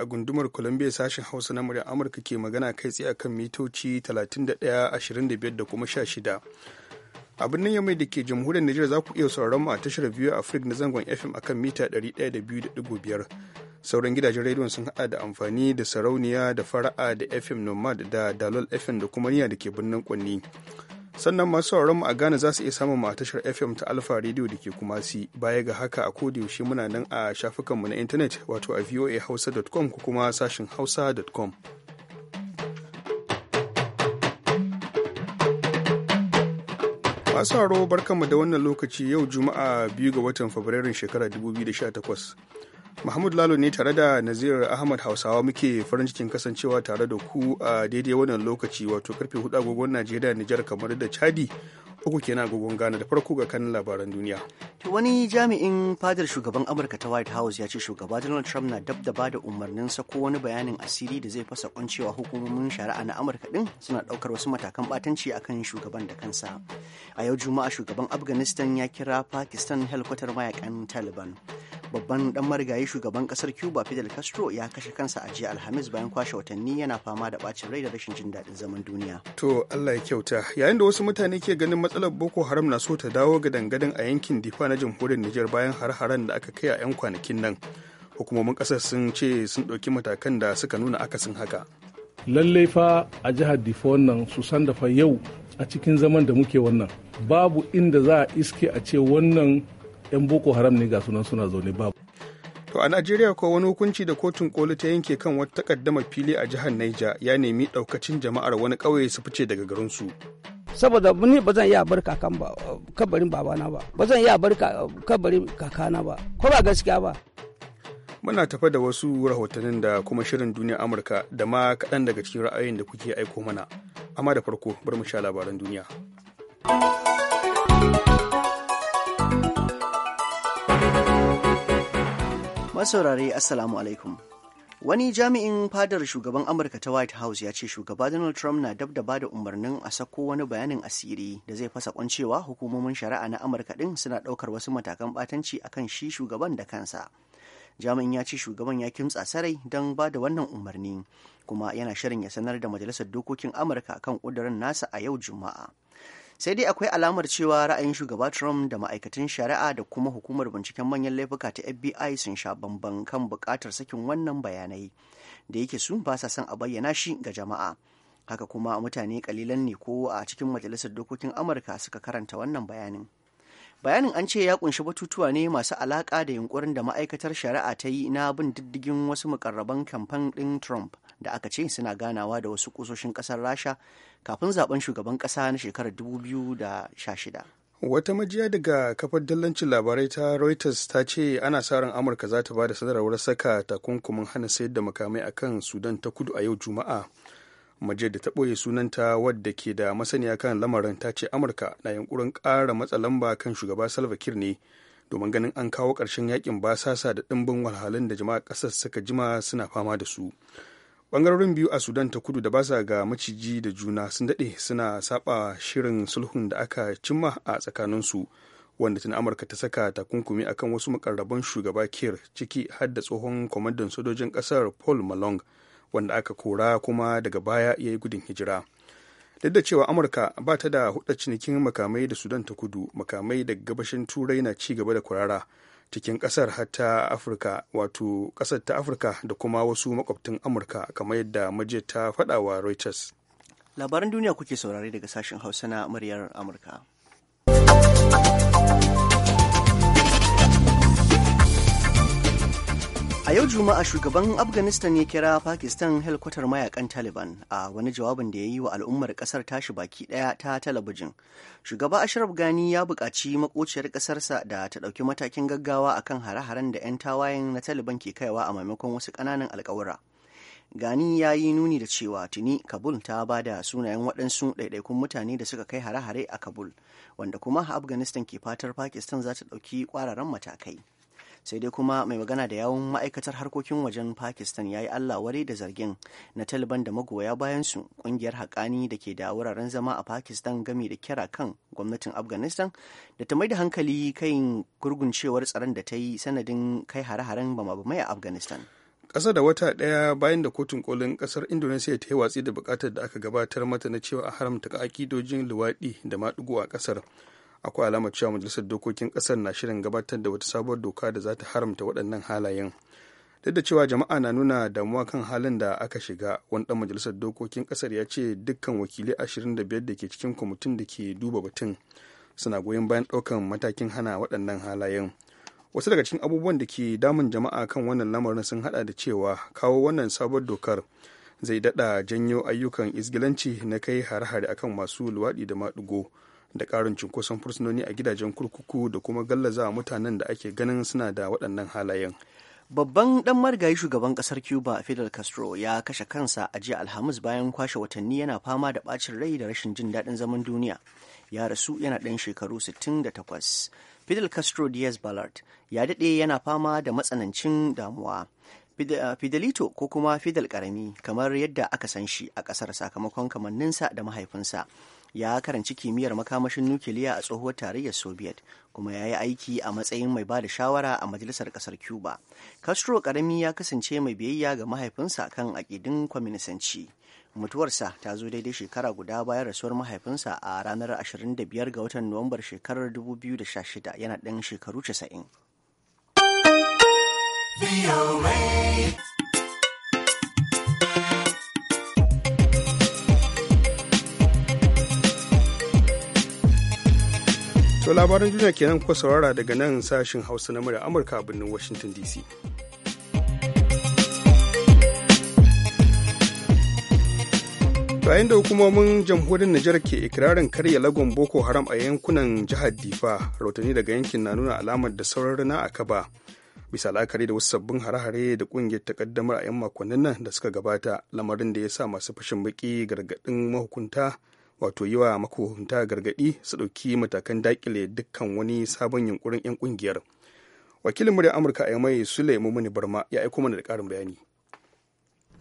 a gundumar columbia sashen hausa na murya amurka ke magana kai tsaye akan mitoci 31.25 da kuma 16 a birnin mai da ke jamhuriyar Nijar za ku iya sauraron mu a tashar biyu a na zangon FM akan mita 102.5 sauran gidajen rediyon sun haɗa da amfani da sarauniya da fara'a da FM Nomad da Dalol FM da kuma niya da ke birnin Kwanni. sannan masu mu a Ghana za su iya samun mu tashar FM ta Alfa Radio da ke kuma si baya ga haka a yaushe muna nan a shafukanmu na intanet wato a voahausa.com ko kuma sashin hausa.com. masu haro barkanmu da wannan lokaci yau juma'a biyu ga watan fabrairun shekara 2018 Mahmud Lalo ne tare da Nazir Ahmad Hausawa muke farin cikin kasancewa tare da ku a daidai wannan lokaci wato karfe hudu agogon Najeriya Nijar kamar da Chadi uku kenan agogon Ghana da farko ga kan labaran duniya. To wani jami'in fadar shugaban Amurka ta White House ya ce shugaba Donald Trump na dab da bada umarnin sako wani bayanin asiri da zai fasa kuncewa hukumomin shari'a na Amurka din suna daukar wasu matakan batanci akan shugaban da kansa. A yau Juma'a shugaban Afghanistan ya kira Pakistan helkwatar mayakan Taliban. babban dan marigayi shugaban kasar cuba fidel castro ya kashe kansa a jiya alhamis bayan kwashe watanni yana fama da bacin rai da rashin jin daɗin zaman duniya to allah ya kyauta yayin da wasu mutane ke ganin matsalar boko haram na so ta dawo ga dangadan a yankin difa na jamhuriyar niger bayan har-haren da aka kai a 'yan kwanakin nan hukumomin kasar sun ce sun ɗauki matakan da suka nuna akasin haka lallai fa a jihar difa wannan su san da fa yau a cikin zaman da muke wannan babu inda za a iske a ce wannan 'yan boko haram ne ga sunan suna zaune babu To a Najeriya ko wani hukunci da kotun koli ta yanke kan wata takaddama fili a jihar Naija ya nemi daukacin jama'ar wani kauye su fice daga su Saboda ni ba zan iya bar kakan ba kabarin babana ba, ba zan iya bar kabarin kakana ba, ko ba gaskiya ba. Muna tafa da wasu rahotannin da kuma shirin duniya Amurka da ma kaɗan daga cikin ra'ayin da kuke aiko mana. Amma da farko bar mu sha labaran duniya. masaurare assalamu alaikum wani jami'in fadar shugaban amurka ta white house ya ce shugaba donald trump na dab da bada umarnin a sako wani bayanin asiri da zai fasa kwancewa hukumomin shari'a na amurka din suna daukar wasu matakan batanci akan shi shugaban da kansa jami'in ya ce shugaban ya kimtsa sarai don ba da wannan umarni kuma yana shirin ya sanar da majalisar dokokin amurka kan kudurin nasa a yau juma'a sai dai akwai alamar cewa ra'ayin shugaba trump da ma'aikatan shari'a da kuma hukumar binciken manyan laifuka ta fbi sun sha bamban kan buƙatar sakin wannan bayanai da yake su basa sa son a bayyana shi ga jama'a haka kuma mutane kalilan ne ko a cikin majalisar dokokin amurka suka karanta wannan bayanin bayanin an ce ya kunshi batutuwa ne masu alaka da yunkurin da ma'aikatar shari'a ta yi na bin diddigin wasu mukarraban kamfan din trump da aka ce suna ganawa da wasu kusoshin kasar rasha kafin zaben shugaban kasa na shekarar 2016 wata majiya daga kafar dallancin labarai ta reuters ta ce ana sa ran amurka za ta ba da sadarwar saka takunkumin hana sayar da makamai akan sudan ta kudu a yau juma'a majiyar da ta ɓoye sunanta wadda ke da masaniya kan lamarin ta ce amurka na yankurin ƙara matsa lamba kan shugaba salva kiir ne domin ganin an kawo ƙarshen yakin basasa da ɗimbin walhalin da jama'a ƙasar suka jima suna fama da su bangarorin biyu a sudan ta kudu da basa ga maciji da juna sun daɗe suna saba shirin sulhun da aka cimma a tsakaninsu wanda tun amurka ta saka takunkumi akan wasu makarraban shugaba kir ciki har da tsohon kwamandan sojojin ƙasar paul malong wanda aka kora kuma daga baya ya yi gudun hijira duk da cewa amurka ba ta da hudda cinikin makamai da sudan ta kudu makamai daga gabashin turai na ci gaba da kurara cikin kasar hatta afirka wato kasar ta afirka da kuma wasu makwabtan amurka kamar yadda majiya ta faɗa wa reuters labaran duniya kuke saurare daga sashen hausa na muryar amurka a yau juma'a shugaban afghanistan ya kira pakistan helkwatar mayakan taliban a wani jawabin da ya yi wa al'ummar kasar tashi baki daya ta talabijin shugaba ashraf gani ya buƙaci makociyar ƙasarsa da ta ɗauki matakin gaggawa akan hare-haren da 'yan tawayen na taliban ke kaiwa a maimakon wasu ƙananan alƙawura gani ya yi nuni da cewa tuni kabul ta ba da sunayen waɗansu ɗaiɗaikun mutane da suka kai hare-hare a kabul wanda kuma afghanistan ke fatar pakistan za ta ɗauki ƙwararren matakai sai dai kuma mai magana da yawon ma'aikatar harkokin wajen pakistan ya yi allah wari da zargin na taliban da magoya bayansu kungiyar haƙani da ke da wuraren zama a pakistan gami da kira kan gwamnatin afghanistan da ta mai da hankali kan gurguncewar tsaron da ta yi sanadin kai hare-haren bama-bamai a afghanistan ƙasa da wata ɗaya bayan da kotun kolin ƙasar indonesiya ta yi watsi da bukatar da aka gabatar mata na cewa a haramta ka'akidojin luwaɗi da maɗigo a ƙasar akwai alamar cewa majalisar dokokin kasar na shirin gabatar da wata sabuwar doka da za ta haramta waɗannan halayen duk da cewa jama'a na nuna damuwa kan halin da aka shiga wani dan majalisar dokokin kasar ya ce dukkan wakilai 25 da ke cikin kwamitin da ke duba batun suna goyon bayan ɗaukan matakin hana waɗannan halayen wasu daga cikin abubuwan da ke damun jama'a kan wannan lamarin sun hada da cewa kawo wannan sabuwar dokar zai daɗa janyo ayyukan isgilanci na kai hare-hare akan masu luwaɗi da maɗigo da ƙarin cunkoson fursunoni a gidajen kurkuku da kuma gallaza mutanen da ake ganin suna da waɗannan halayen. Babban ɗan marigayi shugaban ƙasar Cuba Fidel Castro ya kashe kansa a jiya Alhamis bayan kwashe watanni yana fama da ɓacin rai da rashin jin daɗin zaman duniya. Ya rasu yana ɗan shekaru 68. Fidel Castro Diaz Ballard ya daɗe yana fama da matsanancin damuwa. Ah, Fidelito ko kuma Fidel Karami kamar yadda aka san shi a ƙasar sakamakon kamanninsa da mahaifinsa. ya karanci kimiyyar makamashin nukiliya a tsohuwar tarayyar soviet kuma ya yi aiki a matsayin mai ba da shawara a majalisar kasar cuba castro karami ya kasance mai biyayya ga mahaifinsa kan akidin kwaminisanci mutuwarsa ta zo daidai shekara guda bayan rasuwar mahaifinsa a ranar 25 ga watan nuwambar shekarar 2016 yana ɗan shekaru 90 To labaran duniya kenan kuka saurara daga nan sashin Hausa na murya Amurka a birnin Washington DC. Bayan da hukumomin jamhuriyar Nijar ke ikirarin karya lagon Boko Haram a yankunan jihar Difa, rautani daga yankin na nuna alamar da sauran rana a kaba. bisa la'akari da wasu sabbin hare-hare da kungiyar takaddamar a 'yan makonnin nan da suka gabata lamarin da ya sa masu fashin baki gargadin mahukunta wato yi wa makuhunta gargaɗi su ɗauki matakan dakile dukkan wani sabon yunkurin 'yan kungiyar wakilin murya amurka a mai sule mumuni barma ya aiko mana da karin bayani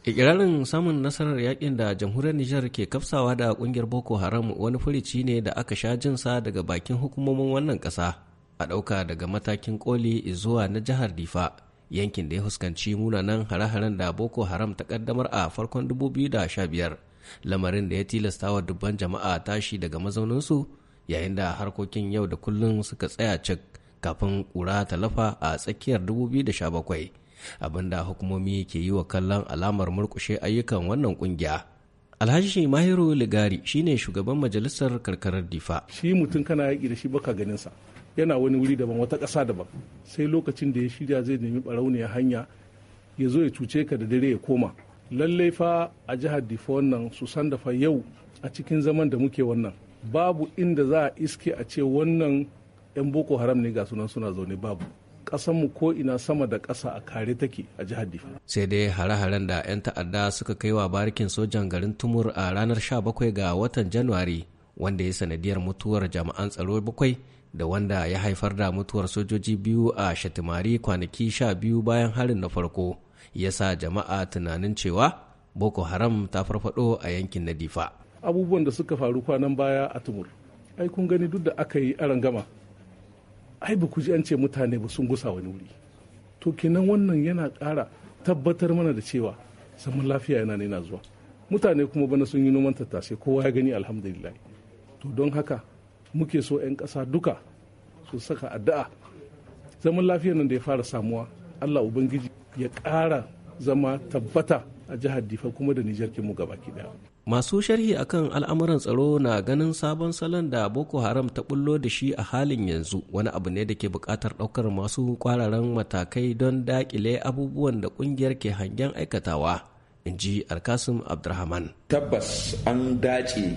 ikirarin samun nasarar yakin da jamhuriyar nijar ke kafsawa da kungiyar boko haram wani furici ne da aka sha jinsa daga bakin hukumomin wannan ƙasa a ɗauka daga matakin koli zuwa na jihar difa yankin da ya fuskanci munanan hare-haren da boko haram ta ƙaddamar a farkon 2015 lamarin da ya tilasta wa dubban jama'a tashi daga mazauninsu yayin da harkokin yau da kullum suka tsaya cik kafin kura talafa a tsakiyar 2017 abinda hukumomi ke yi wa kallon alamar murkushe ayyukan wannan kungiya alhaji mahiru ligari shine shugaban majalisar karkarar difa shi mutum kana yaƙi da shi baka ganinsa yana wani wuri daban wata ƙasa daban sai lokacin da ya shirya zai nemi barauniya hanya ya zo ya cuce ka da dare ya koma lallai fa a jihar difo wannan su san da fa yau a cikin zaman da muke wannan babu inda za a iske a ce wannan 'yan boko haram ne ga sunan suna zaune babu mu ko ina sama da ƙasa a kare take a jihar difo sai dai hare-haren da 'yan ta'adda suka kai wa barikin sojan garin tumur a ranar 17 ga watan januari wanda ya sanadiyar mutuwar jama'an tsaro bakwai da wanda ya haifar da mutuwar sojoji biyu a shatimari kwanaki sha biyu bayan harin na farko ya sa jama'a tunanin cewa boko haram ta farfado a yankin na difa abubuwan da suka faru kwanan baya a tumur ai kun gani duk da aka yi aran gama ai ba ku ji an ce mutane ba sun gusa wani wuri to kenan wannan yana ƙara tabbatar mana da cewa zaman lafiya yana na zuwa mutane kuma bana sun yi noman tattase kowa ya gani alhamdulillah to don haka muke so 'yan ƙasa duka su saka addu'a zaman lafiyar nan da ya fara samuwa allah ubangiji ya ƙara zama tabbata a jihar difa kuma da nijar mu gaba daya masu sharhi akan al'amuran tsaro na ganin sabon salon da boko haram ta bullo da shi a halin yanzu wani abu ne da ke buƙatar ɗaukar masu kwararan matakai don daƙile abubuwan da ƙungiyar ke hangen aikatawa in ji alkasim abdurrahman tabbas an dace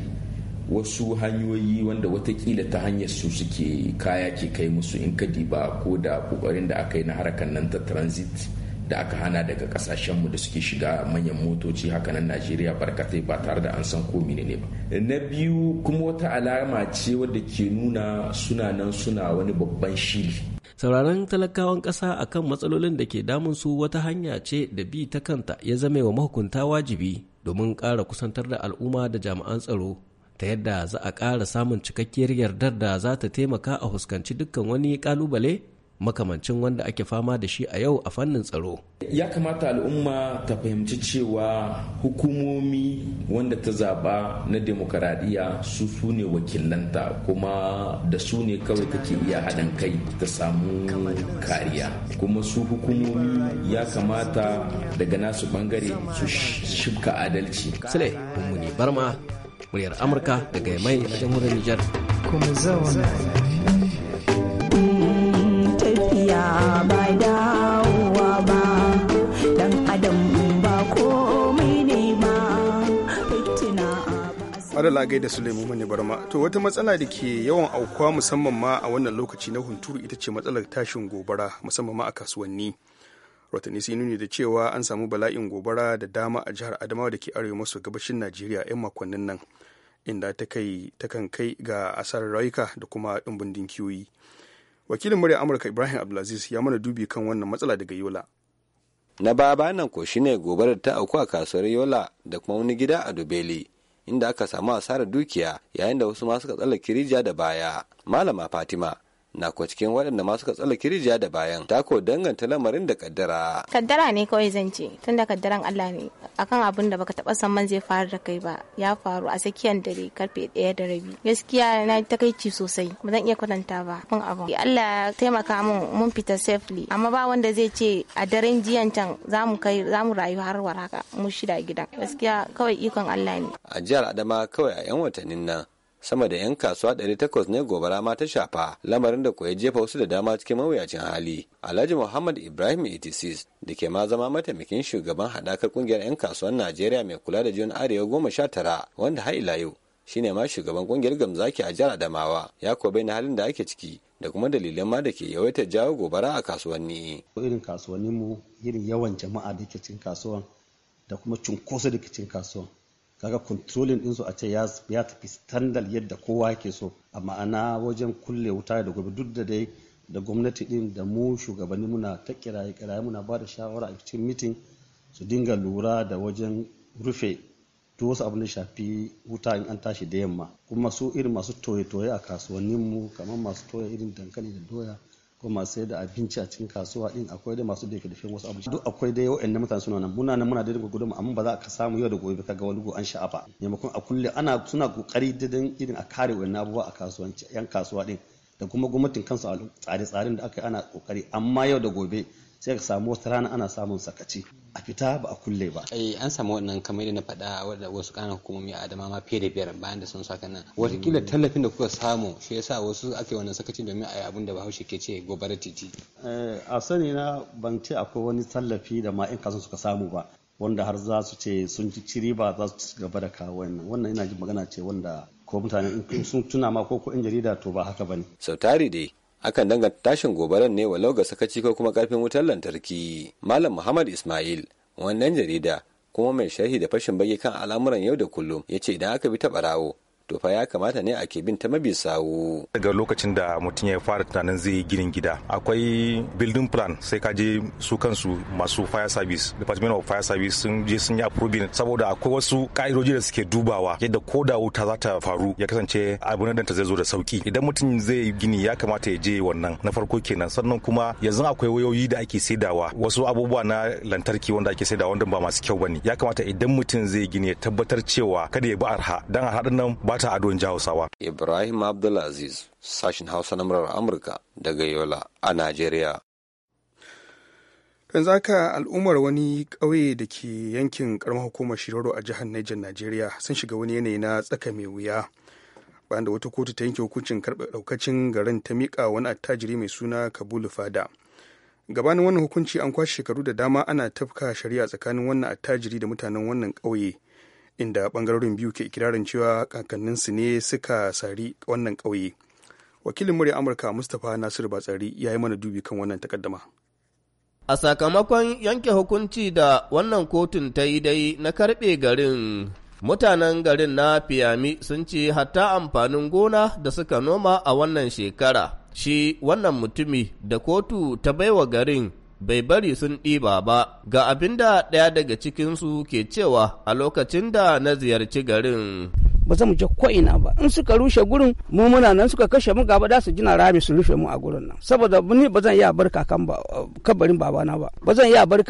wasu hanyoyi wanda watakila ta hanyar su suke kaya ke kai musu in ka diba ko da ƙoƙarin da aka yi na harkar nan ta transit da aka hana daga kasashenmu da suke shiga manyan motoci hakanan najeriya barkatai ba tare da an san ko ne ba na biyu kuma wata alama ce wadda ke nuna suna nan suna wani babban shiri sauraron talakawan ƙasa akan matsalolin da ke damun su wata hanya ce da bi ta kanta ya zame wa mahukunta wajibi domin ƙara kusantar da al'umma da jami'an tsaro ta yadda za a ƙara samun cikakkiyar yardar da za ta taimaka a fuskanci dukkan wani ƙalubale makamancin wanda ake fama da shi a yau a fannin tsaro. Ya kamata al'umma ta fahimci cewa hukumomi wanda ta zaba na demokaradiyya su su ne wakilanta kuma da su ne kawai take iya haɗin kai ta samu kariya. Kuma su hukumomi ya kamata daga nasu bangare su shibka adalci. Sule, Mummuni Barma, muryar Amurka daga Yamai jamhuriyar Nijar. Kuma zauna. Allah da Suleiman Mani Barma. To wata matsala da ke yawan aukuwa musamman ma a wannan lokaci na hunturu ita ce matsalar tashin gobara musamman ma a kasuwanni. Rotani sun nuni da cewa an samu bala'in gobara da dama a jihar Adamawa da ke arewa maso gabashin Najeriya 'yan makonnin nan inda ta kai ta kan kai ga asarar rayuka da kuma dimbin dinkiyoyi. wakilin murya amurka ibrahim abdulaziz ya mana dubi kan wannan matsala daga yola na baya nan ko shine da ta auku a kasuwar yola da kuma wani gida a dubeli inda aka samu asarar dukiya yayin da wasu ma suka tsallake rijiya da baya malama fatima na ko cikin waɗanda ma suka tsala kirjiya da bayan ta ko danganta lamarin da kaddara kaddara ne kawai zan ce tun da kaddaran Allah ne akan abin da baka taba san man zai faru da kai ba ya faru a tsakiyar dare karfe ɗaya da rabi gaskiya na takaici sosai ba zan iya kwatanta ba kun abu Allah ya taimaka mun mun fita safely amma ba wanda zai ce a daren jiyan can zamu kai zamu rayu har waraka mu shida gidan gaskiya kawai ikon Allah ne a jihar Adama kawai a 'yan watannin nan sama da 'yan kasuwa 800 ne gobara ma ta shafa lamarin da ya jefa wasu da dama cikin mawuyacin hali alhaji muhammad ibrahim 86 da ke ma zama mataimakin shugaban hadakar ƙungiyar 'yan kasuwan najeriya mai kula da jiyon arewa goma sha tara wanda har ila yau ne ma shugaban ƙungiyar gamzaki a jihar adamawa ya kuwa bayyana halin da ake ciki da kuma dalilan ma da ke yawaitar jawo gobara a kasuwanni. irin kasuwanninmu irin yawan jama'a da ke cikin kasuwan da kuma cunkoso da ke cikin kasuwan kaga kontrolin din su a ce ya tafi standard yadda kowa yake so a ma'ana wajen kulle wuta da gobe duk da dai da gwamnati din da mu shugabanni muna ta kiraye kiraye muna ba da shawara a cikin meeting su dinga lura da wajen rufe duk wasu abin da shafi wuta in an tashi da yamma kuma su irin masu toye-toye a kasuwannin mu kamar masu toye irin dankali da doya ko masu da abinci a cikin kasuwa din akwai da masu da ke wasu abinci duk akwai da yau inda mutane suna nan muna nan muna daidai gudu amma ba za ka samu yau da gobe ka ga wani an sha'afa maimakon a kulle ana suna kokari dan irin a kare wannan abubuwa a kasuwanci yan kasuwa din da kuma gwamnatin kansu a tsare-tsaren da aka yi ana kokari amma yau da gobe sai ka samu wata rana ana samun sakaci a fita ba a kulle ba eh an samu wannan kamar da na faɗa wadda wasu ƙananan hukumomi a adama ma fiye da biyar bayan da sun saka nan watakila hmm. tallafin da kuka samu shi yasa wasu ake wannan sakaci domin a yi abin da bahaushe ke ce gobara titi eh, a sani na ban ce akwai wani tallafi da ma 'yan kasa suka samu ba wanda har za su ce sun ci ba za su ci gaba da kawo wannan wannan ina magana ce wanda ko mutane sun tuna ma ko ko in jarida to ba haka bane sautari dai akan danganta tashin gobarar ne walau ga sakaci ko kuma karfin wutar lantarki malam muhammad ismail wannan jarida kuma mai sharhi da fashin bage kan al'amuran yau da kullum ya ce idan aka bi ta barawo to fa ya kamata ne ake bin ta mabi sawu daga lokacin da mutum ya fara tunanin zai yi ginin gida akwai building plan sai ka je su kansu masu fire service department of fire service sun je sun yi approving saboda akwai wasu ka'idoji da suke dubawa yadda ko da wuta za ta faru ya kasance abu na ta zai zo da sauki idan mutum zai gini ya kamata ya je wannan na farko kenan sannan kuma yanzu akwai wayoyi da ake saidawa wasu abubuwa na lantarki wanda ake saidawa wanda ba masu kyau bane ya kamata idan mutum zai gini ya tabbatar cewa kada ya bi arha dan arha nan ba ado in don hausawa ibrahim abdulaziz sashin hausa na murar amurka daga yola a najeriya yanzu haka al'ummar wani ƙauye da ke yankin ƙaramar hukumar shiroro a jihar Niger Najeriya sun shiga wani yanayi na tsaka mai wuya bayan da wata kotu ta yanke hukuncin karɓar ɗaukacin garin ta miƙa wani attajiri mai suna Kabulu Fada. Gabanin wannan hukunci an kwashe shekaru da dama ana tafka shari'a tsakanin wannan attajiri da mutanen wannan ƙauye inda bangarorin biyu ke ikirarin cewa kakanninsu ne suka sari wannan ƙauye wakilin murya amurka mustapha nasiru batsari ya yi mana dubi kan wannan takaddama a sakamakon yanke hukunci da wannan kotun ta yi dai na karɓe garin mutanen garin na fiyami sun ce hatta amfanin gona da suka noma a wannan shekara shi wannan mutumi da kotu ta baiwa garin bai bari sun ɗiba ba ga abin da ɗaya daga cikinsu ke cewa a lokacin da na ziyarci garin. ba za mu je ko ina ba in suka rushe gurin mu muna nan suka kashe mu gaba da su jina rami su rufe mu a gurin nan saboda ni ba zan iya bar kakan ba kabarin babana ba ba zan iya bar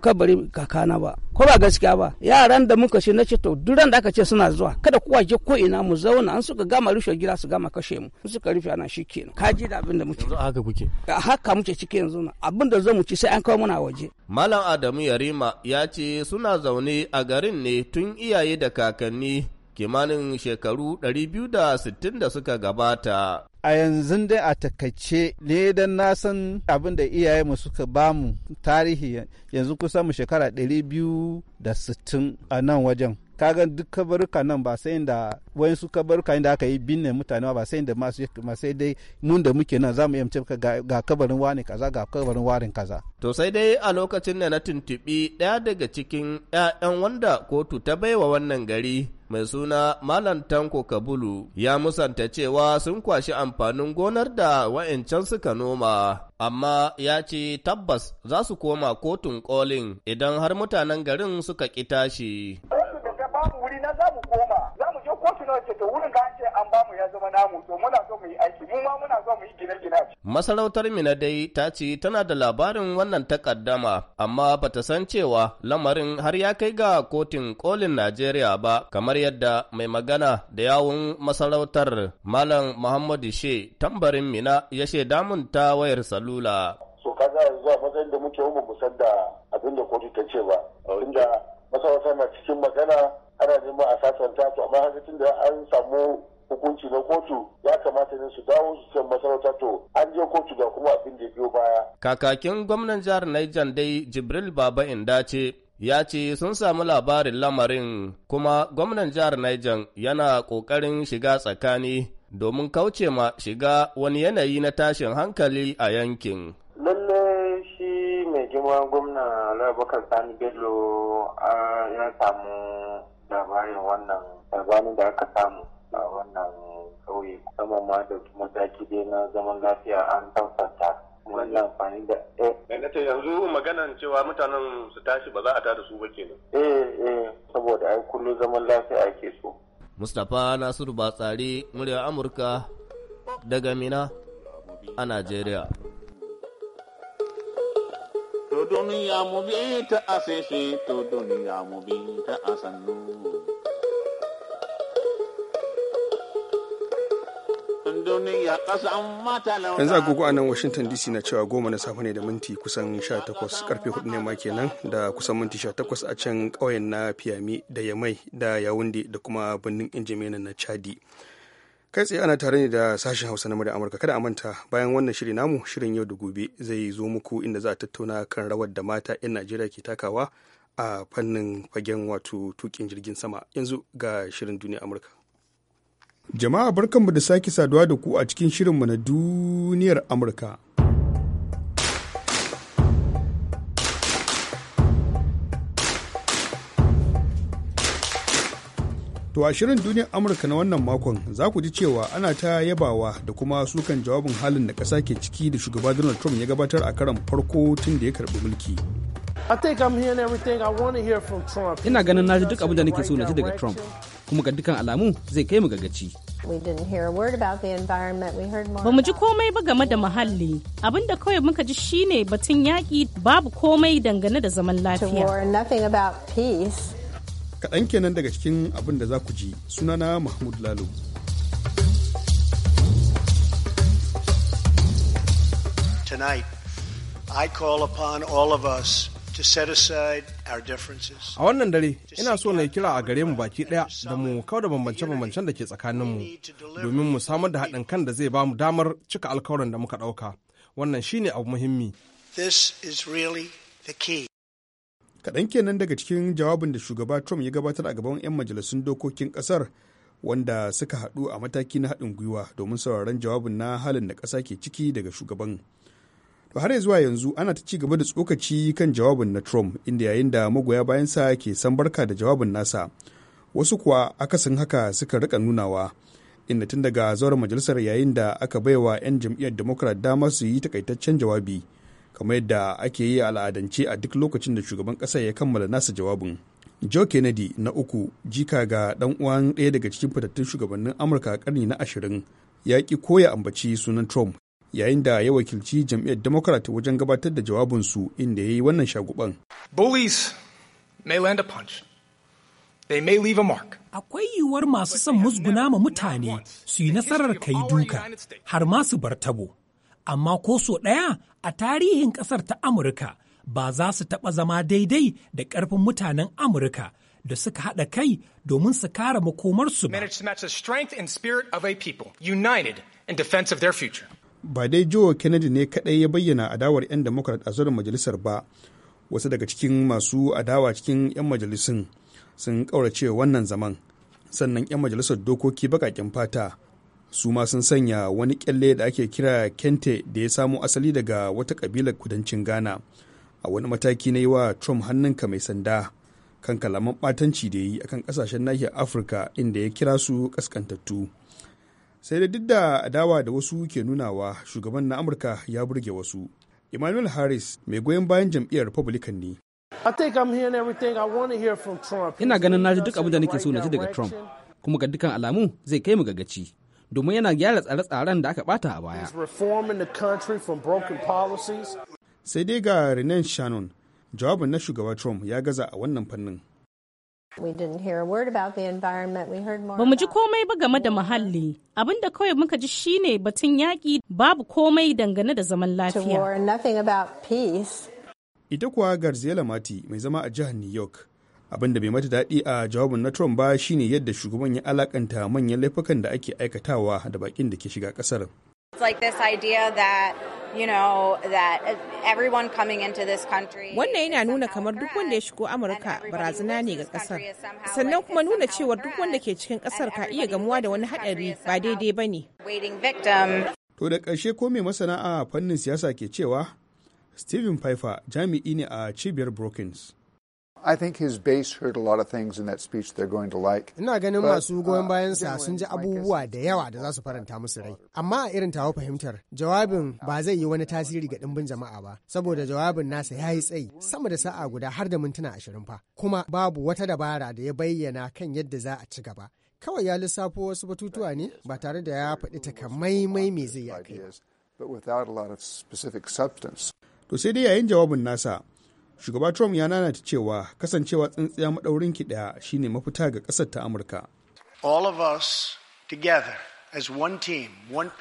kabarin kakana ba ko ba gaskiya ba yaran da muka ce na ce to duran da aka ce suna zuwa kada kowa je ko ina mu zauna an suka gama rushe gida su gama kashe mu in suka rufe ana shi kenan ka ji da abin da muke haka kuke haka muke ciki yanzu na abin da zo mu ci sai an kawo muna waje malam adamu yarima ya ce suna zaune a garin ne tun iyaye da kakanni kimanin shekaru 260 da suka gabata. A yanzu dai a takaice ne dan na san abin da iyayenmu suka bamu tarihi yanzu kusan mu shekara 260 a nan wajen. kaga duk kabaruka nan ba sai da wayan su kabaruka inda aka yi binne mutane ba sai da masu ma sai dai mun da muke nan zamu iya mu ga kabarin wani kaza ga kabarin warin kaza to sai dai a lokacin da na tuntubi daya daga cikin ƴaƴan wanda kotu ta baiwa wannan gari mai suna Malam Tanko Kabulu ya musanta cewa sun kwashi amfanin gonar da wa'incan suka noma. Amma ya ce tabbas za su koma kotun ƙolin, idan har mutanen garin suka ƙi tashi. babu wuri na za mu koma za mu je kotu na ce to wurin ga ce an bamu ya zama namu to muna so mu yi aiki mu ma muna so mu yi gine-gine. Masarautar Mina dai ta ce tana da labarin wannan takaddama amma bata san cewa lamarin har ya kai ga kotun kolin Najeriya ba kamar yadda mai magana da yawun masarautar Malam Muhammadu She tambarin Mina ya shaida mun ta wayar salula. So kaga matsayin da muke mu da abin da kotu ta ce ba. Inda masarautar na cikin magana ana neman a sasanta to amma haka tun da an samu hukunci na kotu ya kamata ne su dawo su can masarauta to an je kotu ga kuma abin da biyo baya. Kakakin gwamnan jihar Niger dai Jibril Baba Inda ce ya ce sun samu labarin lamarin kuma gwamnan jihar Niger yana ƙoƙarin shiga tsakani domin kauce ma shiga wani yanayi na tashin hankali a yankin. Lalle shi mai girma gwamna Labakar Sani Bello ya samu labarin wannan labarin da aka samu. a wannan ƙauye musamman ma da mataki dai na zaman lafiya an tabbata wannan amfani da eh yanzu maganan cewa mutanen su tashi ba za a tada su ba kenan eh eh saboda ai kullu zaman lafiya ake so Mustapha Nasiru Batsari murya Amurka daga Mina a Najeriya To duniya mu bi ta asese to duniya mu bi ta asannu yanzu agogo a nan washington dc na cewa goma na safe ne da minti kusan 18 karfe 4 ne ma kenan da kusan minti 18 a can ƙauyen na fiyami da yamai da yawunde da kuma birnin injimena na chadi kai tsaye ana tare ne da sashen hausa na murya amurka kada a manta bayan wannan shiri namu shirin yau da gobe zai zo muku inda za a tattauna kan rawar da mata 'yan najeriya ke takawa a fannin fagen wato tukin jirgin sama yanzu ga shirin duniya amurka Jama'a barkanmu da sake saduwa da ku a cikin shirinmu na duniyar Amurka. To a shirin duniyar Amurka na wannan makon za ku ji cewa ana ta yabawa da kuma sukan jawabin halin da ƙasa ke ciki da shugaba Donald Trump ya gabatar a karan farko tun da ya karbi mulki. Ina ganin na ji duk abin da nake so na ji daga Trump. kuma ga dukkan alamu zai kai mu ga gaci. Ba mu ji komai ba game da muhalli, abin da kawai muka ji shine batun yaƙi babu komai dangane da zaman lafiya. Kaɗan kenan daga cikin abin da za ku ji sunana Mahmud Lalo. Tonight, I call upon all of us A wannan dare, ina so na kira a gare mu baki ɗaya da mu da bambance-bambancen da ke tsakaninmu domin mu samar da haɗin kan da zai ba mu damar cika alkawarin da muka ɗauka. Wannan shi ne abu muhimmi. Kaɗan kenan daga cikin jawabin da shugaba Trump ya gabatar a gaban 'yan majalisun dokokin ƙasar wanda suka haɗu a mataki na haɗin gwiwa domin sauraron jawabin na halin da ƙasa ke ciki daga shugaban. To har zuwa yanzu ana ta ci gaba da tsokaci kan jawabin na Trump inda yayin da magoya bayan sa ke san barka da jawabin nasa. Wasu kuwa akasin haka suka rika nunawa. Inda tun daga zauren majalisar yayin da aka baiwa 'yan jam'iyyar Democrat dama su yi takaitaccen jawabi kamar yadda ake yi al'adance a duk lokacin da shugaban ƙasa ya kammala nasa jawabin. Joe Kennedy na uku jika ga dan uwan ɗaya daga cikin fitattun shugabannin Amurka karni na ashirin ya ki koya ambaci sunan Trump yayin da ya wakilci jam'iyyar democrat wajen gabatar da jawabinsu inda ya yi wannan shaguban bullies may land a punch they may leave a mark akwai yiwuwar masu son musguna ma mutane su yi nasarar kai duka har ma su bar tabo amma ko so ɗaya a tarihin ƙasar ta amurka ba za su taɓa zama daidai da ƙarfin mutanen amurka da suka haɗa kai domin su kare makomarsu ba. ba dai joe kennedy ne kadai ya bayyana adawar 'yan democrat a zuwan majalisar ba wasu daga cikin masu adawa cikin 'yan majalisun sun ƙaurace wannan zaman sannan 'yan majalisar dokoki baƙaƙen fata su ma sun sanya wani kyalle da ake kira kente da ya samo asali daga wata ƙabilar kudancin ghana a wani mataki na yi wa trump hannunka mai sanda kan kalaman ɓatanci da yi akan ƙasashen nahiyar afirka inda ya kira su ƙasƙantattu sai da duk da adawa da wasu ke nunawa shugaban na amurka ya burge wasu emmanuel harris mai goyon bayan jam'iyyar republican ne ina ganin na ji duk abin da nake so na ji daga trump kuma ga dukkan alamu zai kai mu ga domin yana gyara tsare-tsaren da aka bata a baya sai dai ga renan shannon jawabin na shugaba trump ya gaza a wannan fannin Ba mu ji komai ba game da muhalli. Abin da kawai muka ji shine batun yaƙi babu komai dangane da zaman lafiya. Ita kuwa Garzela Mati mai zama a jihar New York. Abin da bai mata daɗi a jawabin na Trump ba shine yadda shugaban ya alakanta manyan laifukan da ake aikatawa da bakin da ke shiga ƙasar. It's like this idea that you coming into this country wannan yana nuna kamar duk wanda ya shigo amurka barazana ne ga kasar sannan kuma nuna cewa duk wanda ke cikin kasar ka iya gamuwa da wani haɗari ba daidai ba ne to da karshe ko mai masana'a a fannin siyasa ke cewa stephen pfeiffer jami'i ne a cibiyar brookings I think his base heard a lot of things in that speech they're going to like. Ina ganin masu goyon uh, bayansa sun ji abubuwa da yawa da za su faranta musu rai. Amma a irin tawa fahimtar, jawabin ba zai yi wani tasiri ga ɗimbin jama'a ba, saboda jawabin nasa ya yi tsayi sama da sa'a guda har da mintuna ashirin fa. Kuma babu wata dabara da ya bayyana kan yadda za a ci gaba. Kawai ya lissafo wasu batutuwa ne ba tare da ya faɗi takamaimai me zai yi a kai. To sai dai yayin jawabin nasa, shugaba trump ya nanata cewa kasancewa tsintsiya maɗaurin ki ɗaya shine mafita ga ƙasar ta amurka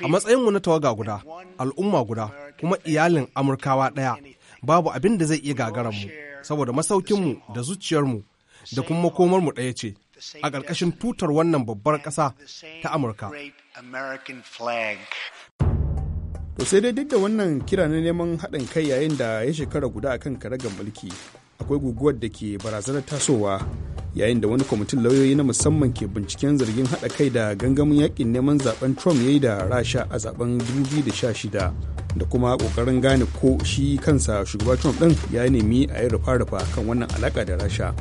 a matsayinmu na tawaga guda al'umma guda kuma iyalin amurkawa ɗaya babu abin da zai iya gagararmu saboda masaukinmu da zuciyarmu da kuma makomarmu ɗaya ce a ƙarƙashin tutar wannan babbar ƙasa ta amurka to sai dai duk da wannan kira na neman haɗin kai yayin da ya shekara guda akan karagar mulki akwai guguwar da ke barazanar tasowa yayin da wani kwamitin lauyoyi na musamman ke binciken zargin haɗa kai da gangamin yakin neman zaben trump ya yi da rasha a zaben 2016 da kuma ƙoƙarin gane ko shi kansa shugaba trump ɗin ya nemi a yi rufa-rufa kan wannan alaƙa da rasha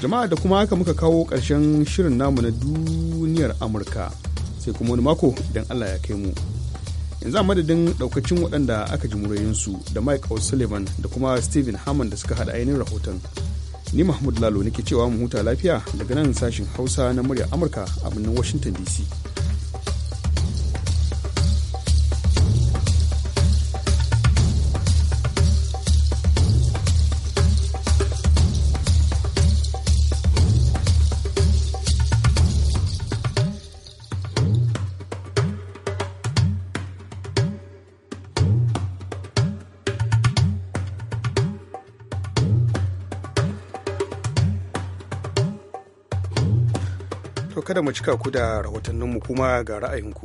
jama'a da kuma haka muka kawo ƙarshen shirin namu na duniyar amurka sai kuma wani mako idan allah ya kai mu yanzu a madadin daukacin waɗanda aka ji murayensu da mike o'sullivan da kuma stephen hammond da suka haɗa ainihin rahoton ni mahmud lalo nake cewa mu huta lafiya daga nan sashin hausa na murya amurka a birnin washington dc cika ku da rahotanninmu kuma ga ra'ayinku.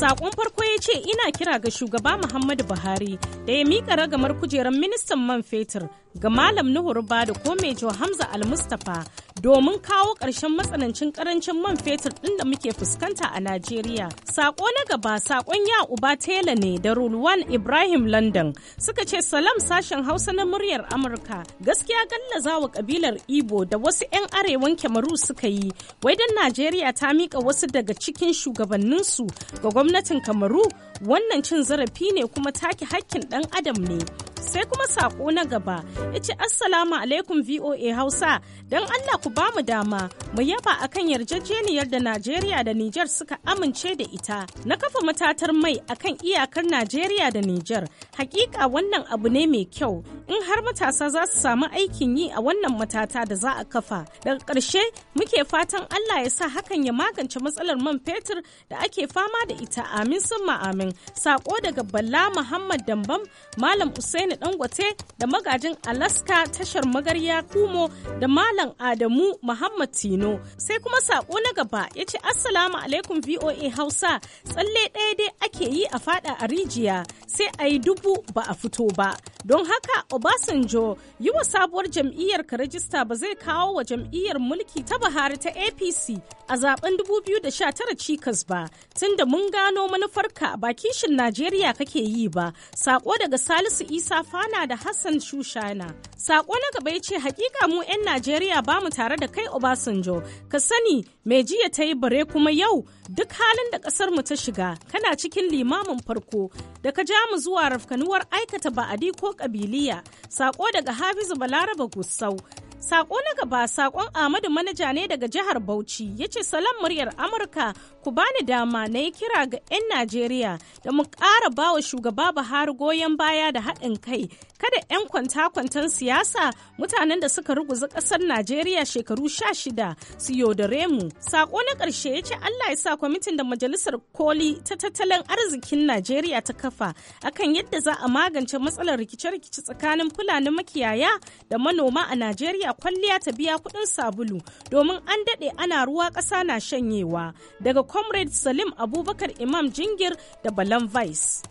Saƙon farko ya ce ina kira ga shugaba Muhammadu Buhari da ya miƙa ragamar kujerar ministan man fetur ga Malam Nuhu Rubadu ko Komejo Hamza Al-Mustapha domin kawo ƙarshen matsanancin ƙarancin man fetur ɗin da muke fuskanta a Najeriya. Sako na gaba sakon ya uba tela ne da Rulwan Ibrahim London suka ce salam sashen Hausa na muryar Amurka gaskiya gallaza wa kabilar Igbo da wasu 'yan arewan Kemaru suka yi wai don Najeriya ta miƙa wasu daga cikin shugabanninsu ga gwamnatin Kamaru wannan cin zarafi ne kuma take hakkin ɗan adam ne sai kuma saƙo na gaba ce assalamu alaikum voa hausa don allah ku bamu dama mu yaba akan yarjejeniyar da najeriya da Nijar suka amince da ita na kafa matatar mai akan iyakar najeriya da Nijar hakika wannan abu ne mai kyau in har matasa za su samu aikin yi a wannan matata da za a kafa daga ƙarshe muke fatan allah ya sa hakan ya magance matsalar man fetur da ake fama da ita amin sun amin Saƙo sako daga Bala Muhammad Dambam, Malam Usaini Dangote da magajin Alaska tashar magarya Kumo da Malam Adamu Muhammad Tino. Sai kuma sako na gaba ya ce Assalamu alaikum VOA Hausa, tsalle ɗaya dai ake yi a fada a rijiya. sai a yi dubu ba a fito ba don haka obasanjo yi wa sabuwar jam'iyyar ka rajista ba zai kawo wa jam'iyyar mulki ta buhari ta apc a zaben 2019 cikas ba tunda mun gano manufarka ba kishin najeriya kake yi ba sako daga salisu isa fana da hassan shushana sako na gaba ya ce hakika mu 'yan najeriya ba mu tare da kai obasanjo ka sani mai jiya ta yi bare kuma yau duk halin da kasar mu ta shiga kana cikin limamin farko da Daga jamu zuwa rafkanuwar aikata ba'adi ko ƙabiliya, sako daga Hafizu Balaraba Gusau Sako na gaba sakon Ahmadu Manaja ne daga jihar Bauchi ya ce salam muryar Amurka ku bani dama na yi kira ga 'yan Najeriya da mu ƙara bawa shugaba Buhari goyon baya da haɗin kai kada 'yan kwanta-kwantan siyasa mutanen da suka ruguza ƙasar Najeriya shekaru sha shida su yaudare mu. Sako na ƙarshe ya ce Allah ya sa kwamitin da Majalisar Koli ta tattalin arzikin Najeriya ta kafa akan yadda za a magance matsalar rikice-rikice tsakanin Fulani makiyaya da manoma a Najeriya kwalliya ta biya kudin sabulu domin an daɗe ana ruwa ƙasa na shanyewa daga comrade salim abubakar imam jingir da balan vice.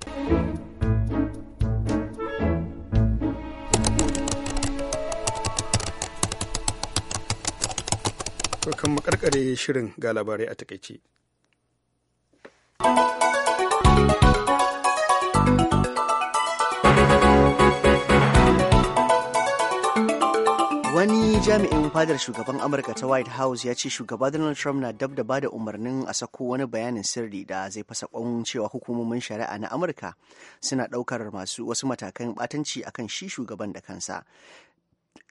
kan makarkare shirin ga labarai a takaice. wani jami'in fadar shugaban amurka ta white house ya ce shugaba donald trump na dab da bada umarnin a sako wani bayanin sirri da zai fasa kwan cewa hukumomin shari'a na amurka suna daukar masu wasu matakan batanci akan shi shugaban da kansa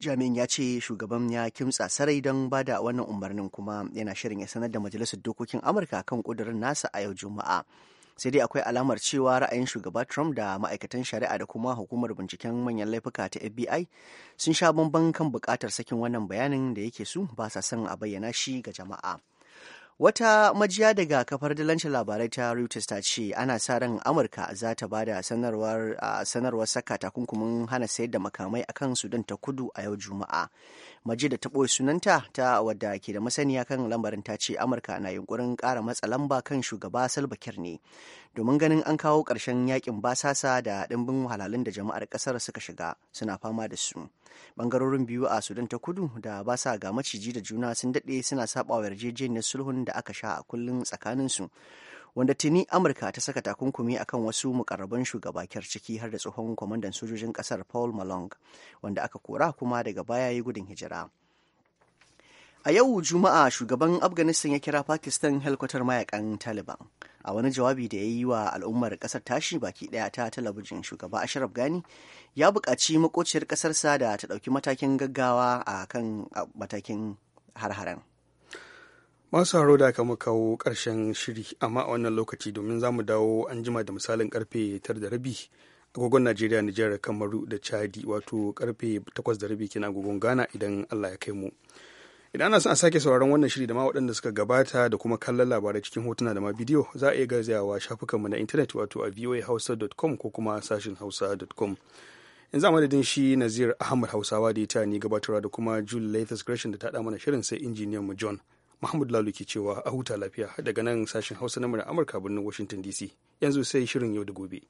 jami'in ya ce shugaban ya kimtsa sarai don bada wannan umarnin kuma yana shirin ya sanar da majalisar dokokin amurka kan kudurin nasa a yau juma'a sai dai akwai alamar cewa ra'ayin shugaba trump da ma'aikatan shari'a da kuma hukumar binciken manyan laifuka ta fbi sun sha bamban kan bukatar sakin wannan bayanin da yake su ba sa son a bayyana shi ga jama'a wata majiya daga kafar dalancin labarai ta reuters ta ce ana sa ran amurka za ta ba da sanarwar saka takunkumin hana sayar da makamai akan sudan ta kudu a yau juma'a Majida ta ɓoye sunanta ta wadda ke da masaniya kan lambarin ta ce Amurka na yunkurin ƙara matsa lamba kan shugaba Salva Kiir ne domin ganin an kawo ƙarshen yakin basasa da ɗimbin wahalhalun da jama'ar ƙasar suka shiga suna fama da su. Bangarorin biyu a Sudan ta kudu da ba sa ga maciji da juna sun daɗe suna saɓawa yarjejeniyar sulhun da aka sha a kullum tsakaninsu. su. wanda tuni amurka ta saka takunkumi akan wasu mukarrabin shugaba kyar ciki har da tsohon kwamandan sojojin kasar paul malong wanda aka kora kuma daga baya ya gudun hijira a yau juma'a shugaban afghanistan ya kira pakistan helkwatar mayakan taliban a wani jawabi da ya yi wa al'ummar kasar tashi baki daya ta talabijin shugaba ashraf gani ya buƙaci makociyar ƙasarsa da ta ɗauki matakin gaggawa a kan matakin har-haren masu haro da aka kawo ƙarshen shiri amma a wannan lokaci domin za mu dawo an jima da misalin karfe tar da rabi agogon najeriya nijar kamaru da chadi wato karfe takwas da rabi kenan agogon ghana idan allah ya kai mu idan ana son a sake sauraron wannan shiri da ma waɗanda suka gabata da kuma kallon labarai cikin hotuna da ma bidiyo za a iya garzayawa shafukanmu na intanet wato a voahausa.com ko kuma sashin hausa.com yanzu a madadin shi nazir ahmad hausawa da ya ta ni gabatarwa da kuma jule latest gresham da ta mana shirin sai injiniyan mu john Mahmud Lalu ke cewa a huta lafiya daga nan sashen Hausa na Amurka birnin Washington DC. Yanzu sai shirin yau da gobe.